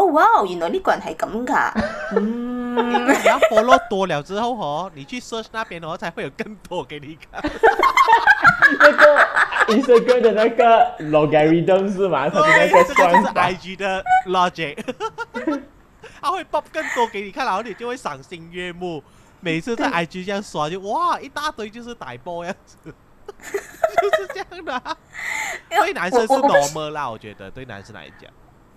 哦，哇！原來呢個人係咁噶。嗯。你要 follow 多了之後呵，你去 search 那邊哦，才會有更多給你看。那個 Instagram 的那個 logarithms 是嘛？哦，Instagram 是 IG 的 logic。他會 pop 更多給你看，然後你就會賞心悅目。每次在 IG 這樣刷就哇，一大堆就是大波樣子，就是這樣的。所以男生是 normal 啦，我覺得對男生來講。